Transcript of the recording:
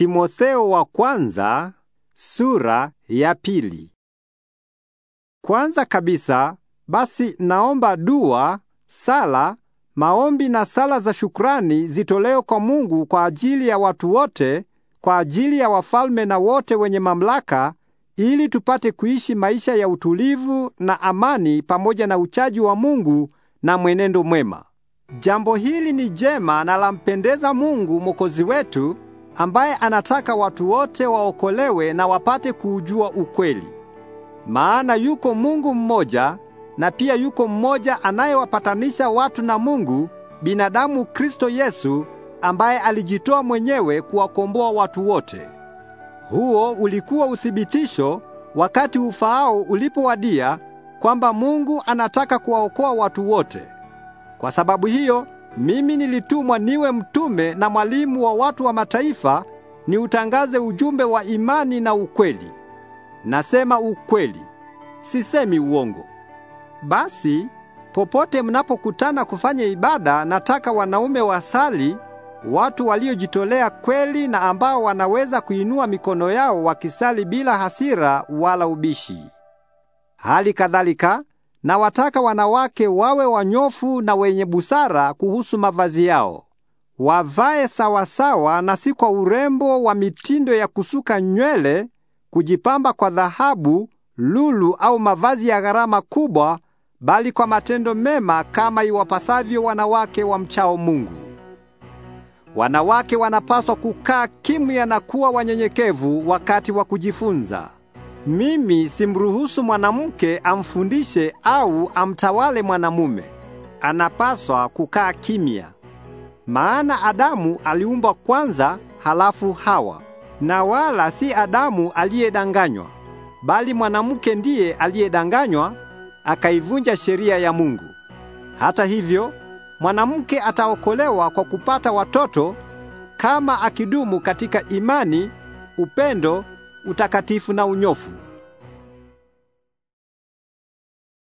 Timotheo wa kwanza sura ya pili. Kwanza kabisa basi naomba dua, sala, maombi na sala za shukrani zitolewe kwa Mungu kwa ajili ya watu wote, kwa ajili ya wafalme na wote wenye mamlaka, ili tupate kuishi maisha ya utulivu na amani pamoja na uchaji wa Mungu na mwenendo mwema. Jambo hili ni jema na lampendeza Mungu Mwokozi wetu ambaye anataka watu wote waokolewe na wapate kuujua ukweli. Maana yuko Mungu mmoja na pia yuko mmoja anayewapatanisha watu na Mungu, binadamu Kristo Yesu ambaye alijitoa mwenyewe kuwakomboa watu wote. Huo ulikuwa uthibitisho wakati ufaao ulipowadia kwamba Mungu anataka kuwaokoa watu wote. Kwa sababu hiyo mimi nilitumwa niwe mtume na mwalimu wa watu wa mataifa, niutangaze ujumbe wa imani na ukweli. Nasema ukweli, sisemi uongo. Basi popote mnapokutana kufanya ibada, nataka wanaume wasali, watu waliojitolea kweli na ambao wanaweza kuinua mikono yao wakisali bila hasira wala ubishi. Hali kadhalika Nawataka wanawake wawe wanyofu na wenye busara kuhusu mavazi yao. Wavae sawasawa na si kwa urembo wa mitindo ya kusuka nywele, kujipamba kwa dhahabu, lulu au mavazi ya gharama kubwa, bali kwa matendo mema kama iwapasavyo wanawake wa mchao Mungu. Wanawake wanapaswa kukaa kimya na kuwa wanyenyekevu wakati wa kujifunza. Mimi simruhusu mwanamke amfundishe au amtawale mwanamume. Anapaswa kukaa kimya. Maana Adamu aliumbwa kwanza, halafu Hawa. Na wala si Adamu aliyedanganywa, bali mwanamke ndiye aliyedanganywa akaivunja sheria ya Mungu. Hata hivyo, mwanamke ataokolewa kwa kupata watoto kama akidumu katika imani, upendo utakatifu na unyofu.